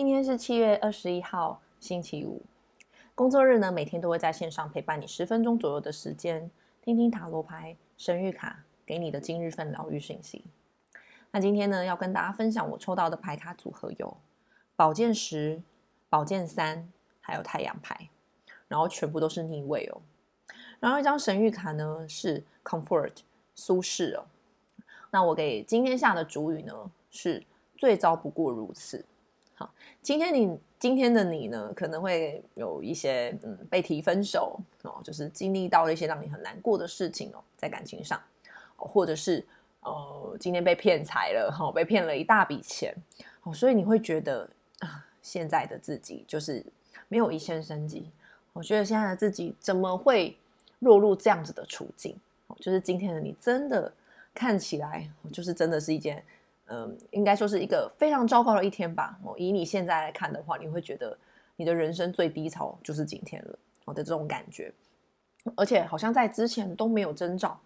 今天是七月二十一號，星期五。工作日呢，每天都會在線上陪伴你十分鐘左右的時間，聽聽塔羅牌、神諭卡給你的今日份療癒訊息。那今天呢，要跟大家分享我抽到的牌卡組合有寶劍十、寶劍三，還有太陽牌，然後全部都是逆位哦。然後一張神諭卡呢是 Comfort，舒適哦。那我給今天下的主語呢是最糟不過如此。好，今天你今天的你呢，可能會有一些嗯被提分手哦，就是經歷到了一些讓你很難過的事情哦，在感情上，哦，或者是呃今天被騙財了，哦，被騙了一大筆錢，哦，所以你會覺得，啊，現在的自己就是沒有一線生機。我覺得現在的自己怎麼會落入這樣子的處境？哦，就是今天的你真的看起來，就是真的是一件。嗯，應該說是一個非常糟糕的一天吧。哦，以你現在來看的話，你會覺得你的人生最低潮就是今天了。我的這種感覺，而且好像在之前都沒有徵兆，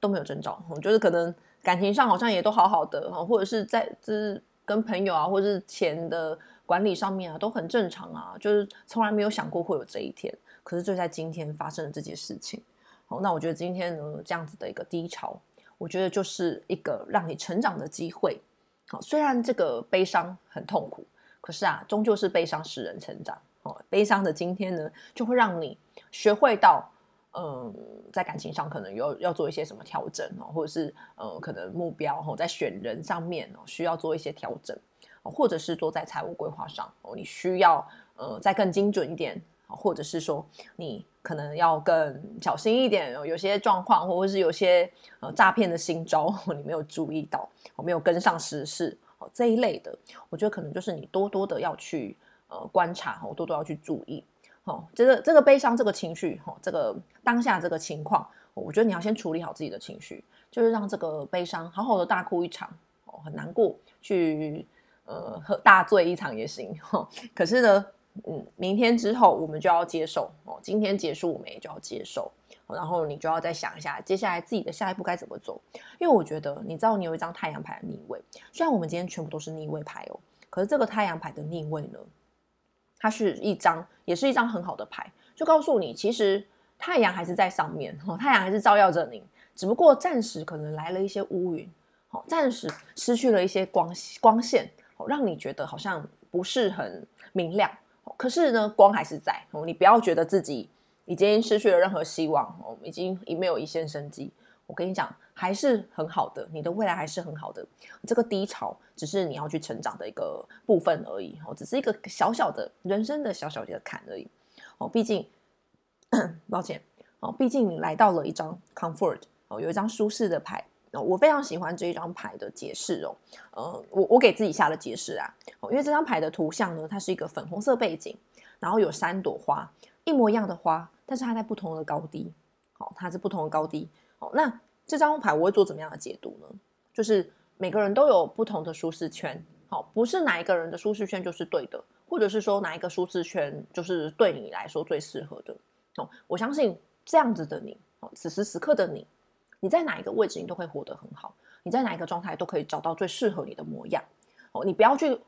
都沒有徵兆。就是可能感情上好像也都好好的，哦，或者是在就是跟朋友啊，或者是錢的管理上面啊，都很正常啊，就是從來沒有想過會有這一天。可是就在今天發生了這件事情。好，那我覺得今天能有這樣子的一個低潮。我覺得就是一個讓你成長的機會，好，雖然這個悲傷很痛苦，可是啊，終究是悲傷使人成長哦。悲傷的今天呢，就會讓你學會到，嗯、呃，在感情上可能要要做一些什麼調整哦，或者是嗯、呃，可能目標哦，在選人上面哦，需要做一些調整哦，或者是說在財務規劃上哦，你需要嗯、呃，再更精準一點。或者是說你可能要更小心一點，有些狀況，或者是有些呃詐騙的新招，你沒有注意到，沒有跟上時事哦，這一類的，我覺得可能就是你多多的要去、呃、觀察，多多要去注意哦。這個這個悲傷這個情緒、哦、這個當下這個情況，我覺得你要先處理好自己的情緒，就是讓這個悲傷好好的大哭一場、哦、很難過去喝、呃、大醉一場也行、哦、可是呢。嗯，明天之後我們就要接受哦。今天結束我們也就要接受，然後你就要再想一下接下來自己的下一步該怎麼做。因為我覺得，你知道你有一張太陽牌的逆位，雖然我們今天全部都是逆位牌哦，可是這個太陽牌的逆位呢，它是一張也是一張很好的牌，就告訴你，其實太陽還是在上面哦，太陽還是照耀着你，只不過暫時可能來了一些烏雲哦，暫時失去了一些光光線，讓你覺得好像不是很明亮。可是呢，光還是在哦。你不要覺得自己已經失去了任何希望哦，已經沒有一線生機。我跟你講，還是很好的，你的未來還是很好的。這個低潮只是你要去成長的一個部分而已哦，只是一個小小的人生的小小的坎而已哦。畢竟，抱歉哦，畢竟你來到了一張 comfort 哦，有一張舒適的牌。哦、我非常喜歡這一張牌的解釋哦，嗯、呃，我我給自己下了解釋啊、哦，因為這張牌的圖像呢，它是一個粉紅色背景，然後有三朵花，一模一樣的花，但是它在不同的高低，好、哦，它是不同的高低，好、哦，那這張牌我會做怎麼樣的解讀呢？就是每個人都有不同的舒適圈，好、哦，不是哪一個人的舒適圈就是對的，或者是說哪一個舒適圈就是對你來說最適合的，哦，我相信這樣子的你，哦、此時此刻的你。你在哪一個位置，你都會活得很好；你在哪一個狀態，都可以找到最適合你的模樣。哦，你不要去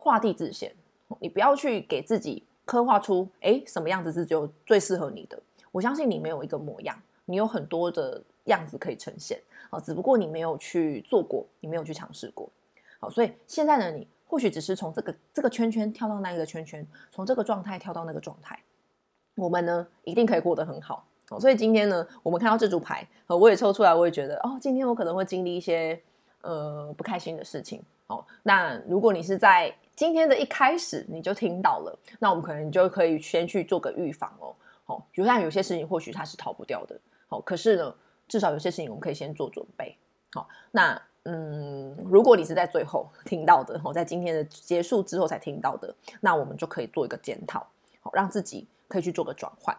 畫地自限，你不要去給自己刻畫出誒什麼樣子是只有最適合你的。我相信你沒有一個模樣，你有很多的樣子可以呈現。哦，只不過你沒有去做過，你沒有去嘗試過。好，所以現在的你或許只是從這個這個圈圈跳到那個圈圈，從這個狀態跳到那個狀態，我們呢一定可以過得很好。所以今天呢，我們看到這組牌，我也抽出來，我也覺得哦，今天我可能會經歷一些呃不開心的事情。哦，那如果你是在今天的一開始你就聽到了，那我們可能就可以先去做個預防哦。好、哦，就像有些事情或許它是逃不掉的，好、哦，可是呢，至少有些事情我們可以先做準備。好、哦，那嗯，如果你是在最後聽到的，哦，在今天的結束之後才聽到的，那我們就可以做一個檢討，好、哦，讓自己可以去做個轉換。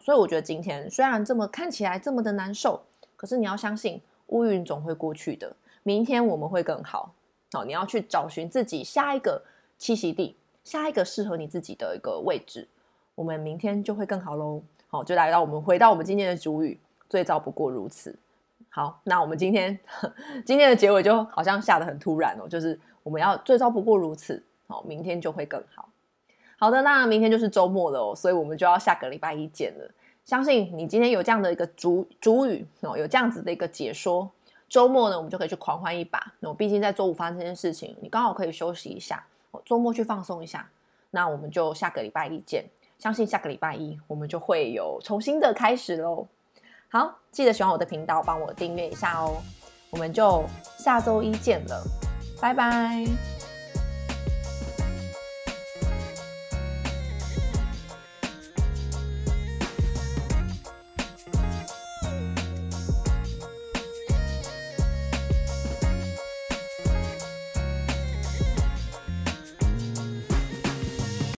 所以我覺得今天雖然這麼看起來這麼的難受，可是你要相信烏雲總會過去的。明天我們會更好。好、哦，你要去找尋自己下一個棲息地，下一個適合你自己的一個位置。我們明天就會更好嘍。好、哦，就來到我們，回到我們今天的主語，最糟不過如此。好，那我們今天，今天的結尾就好像下得很突然哦，就是我們要最糟不過如此。好、哦，明天就會更好。好的，那明天就是週末了哦，所以我們就要下個禮拜一見了。相信你今天有這樣的一個主語主語哦，有這樣子的一個解說，週末呢我們就可以去狂歡一把。哦，畢竟在週五發生這件事情，你剛好可以休息一下哦，週末去放鬆一下。那我們就下個禮拜一見，相信下個禮拜一我們就會有重新的開始嘍。好，記得喜歡我的頻道，幫我訂閱一下哦。我們就下周一見了，拜拜。